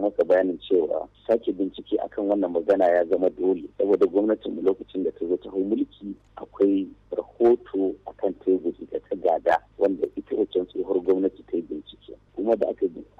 maka bayanin cewa sake bincike akan wannan magana ya zama dole saboda gwamnatin lokacin da ta zo ta hau mulki akwai rahoto akan tebur da ta gada wanda ita wancan tsohuwar gwamnati ta yi bincike kuma da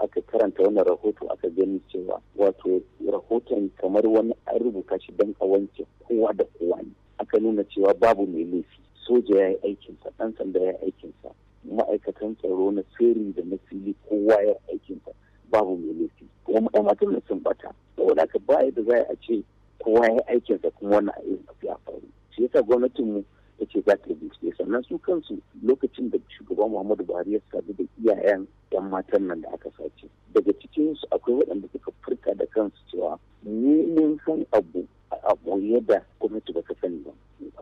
aka karanta wannan rahoto aka gani cewa wato rahoton kamar wani an rubuta shi don a wanke kowa da kowa ne aka nuna cewa babu mai laifi soja ya yi aikinsa ɗan sanda ya yi aikinsa ma'aikatan tsaro na sirri da na fili kowa ya aikinsa babu mai laifi kuma ɗan matan da sun bata saboda ka ba yadda za a ce kowa ya aikin da kuma wannan abin ya faru shi yasa gwamnatinmu ta ce za ta bincike sannan su kansu lokacin da shugaban muhammadu buhari ya sadu da iyayen yan matan nan da aka sace daga cikinsu akwai waɗanda suka furta da kansu cewa ni mun san abu abu yadda gwamnati ba ta sani ba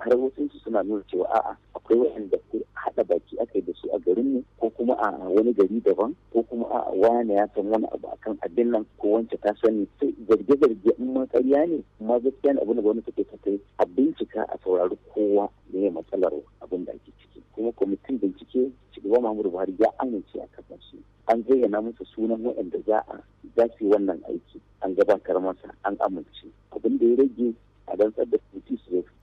har wasu suna nuna cewa a'a akwai waɗanda aka da su a garin mu ko kuma a wani gari daban ko kuma a wani ya san wani abu akan abin nan ko wance ta sani sai zarge-zarge in ma ƙarya ne ma gaskiya ne abin da gwamnati take kai a bincika a saurari kowa ne matsalar abin da ake ciki kuma kwamitin bincike shugaban Muhammadu Buhari ya amince a kan shi an zayyana masa sunan waɗanda za a za yi wannan aiki an gabatar masa an amince abin da ya rage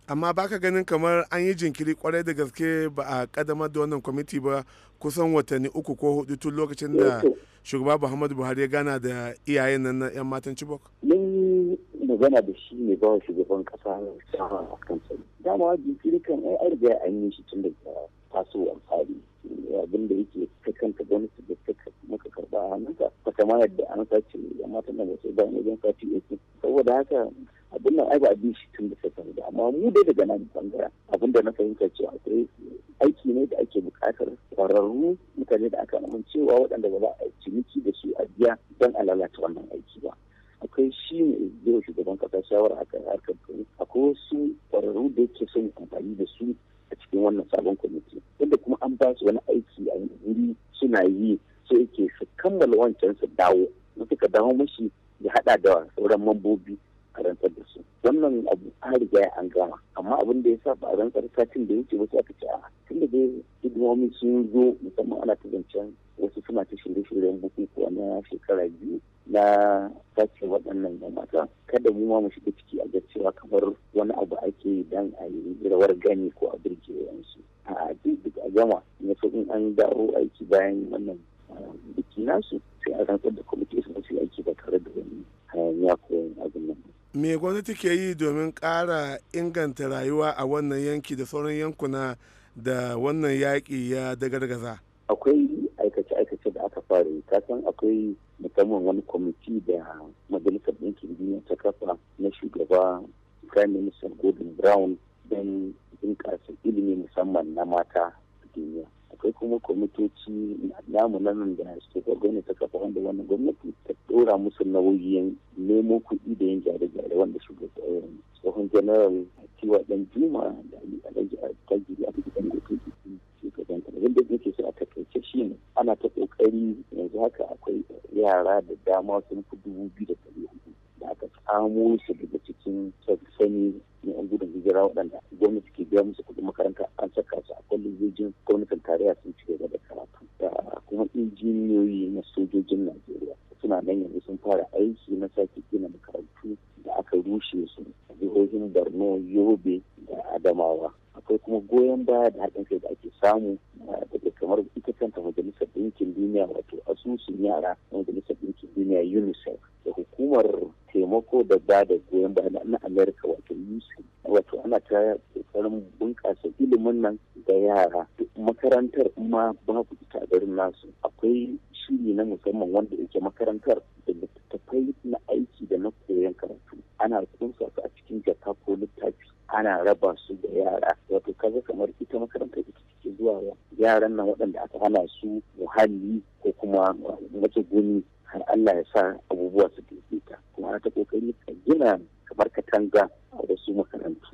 amma baka ganin kamar an yi jinkiri kwarai da gaske ba a kadamar da wannan kwamiti ba kusan watanni uku ko hudu tun lokacin da eh, shugaba muhammadu buhari ya gana da iyayen nan na yan matan chibok mun magana da shi ne ba shugaban kasa shawara a kan sani dama jinkiri kan ai an riga an yi shi tun da tasowar tsari abin da yake ta kanta su da ta maka karba a hannunka ta kama yadda an sace yan matan nan ba sai bayan wajen sati uku saboda haka abin nan ai ba bi shi tun da sassan da amma mu dai daga nan bangaren abin da na fahimta cewa akwai aiki ne da ake buƙatar kwararru mutane da aka cewa waɗanda ba za a ciniki da su a biya don a lalata wannan aiki ba akwai shi ne yau shugaban kasa shawara akan harkar kuɗi akwai wasu kwararru da yake son amfani da su a cikin wannan sabon kwamiti yadda kuma an ba su wani aiki a wuri suna yi sai yake su kammala wancan su dawo in suka dawo mashi ya haɗa da sauran mambobi wannan abu an riga ya an gama amma abin da ya sa ba a rantsar satin da yake wata aka ce a tun da dai hidimomi sun zo musamman ana ta zancen wasu suna ta shirye-shiryen bukukuwa na shekara biyu na sace waɗannan da mata kada mu ma mu shiga ciki a cewa kamar wani abu ake yi dan a yi rawar gani ko a birge yansu a duk a gama na so in an dawo aiki bayan wannan ah, biki nasu sai a rantsar da kwamitin su aiki ba tare da wani hayaniya ko me gwamnati ke yi domin ƙara inganta rayuwa a wannan yanki da sauran yankuna da wannan yaƙi ya dagargaza akwai aikace-aikace da aka fara yi kasan akwai musamman wani kwamiti da majalisar ɗinkin duniya ta kafa na shugaba prime minister gordon brown don bunƙasa ilimi musamman na mata akwai kuma kwamitoci namu nan da suke gwagwani ta kafa wanda wannan gwamnati ta dora musu nauyin nemo kuɗi da yin gyare-gyare wanda shugaban tsohon general tiwa dan juma da ali alhaji alhaji da alhaji su gobe shugaban da yadda nake so a takaice shi ne ana ta kokari yanzu haka akwai yara da dama sun fi dubu biyu da An su daga cikin sani na yan gudun hijira waɗanda gwamnati ke biya musu kuɗin makaranta an saka su a kwalejojin gwamnatin tarayya sun ci gaba da karatu da kuma injiniyoyi na sojojin najeriya suna nan yanzu sun fara aiki na sake gina makarantu da aka rushe su jihohin borno yobe da adamawa akwai kuma goyon baya da haɗin kai da ake samu ah, daga kamar ita kanta majalisar ɗinkin duniya wato asusun yara na majalisar ɗinkin duniya unicef da hukumar taimako da ba da goyon baya na amerika wato uc wato ana ta kokarin bunƙasa ilimin nan da yara makarantar ma babu ita a garin nasu akwai shiri na musamman wanda yake makarantar da littattafai na aiki da na koyon karatu ana kunsa su a cikin jaka ko littafi ana raba su da yara wato kaga kamar ita makarantar ita take zuwa yaran nan waɗanda aka hana su muhalli ko kuma mace gumi har Allah ya sa abubuwa su ma'ana ta kokari ka gina kamar katanga a wasu makarantu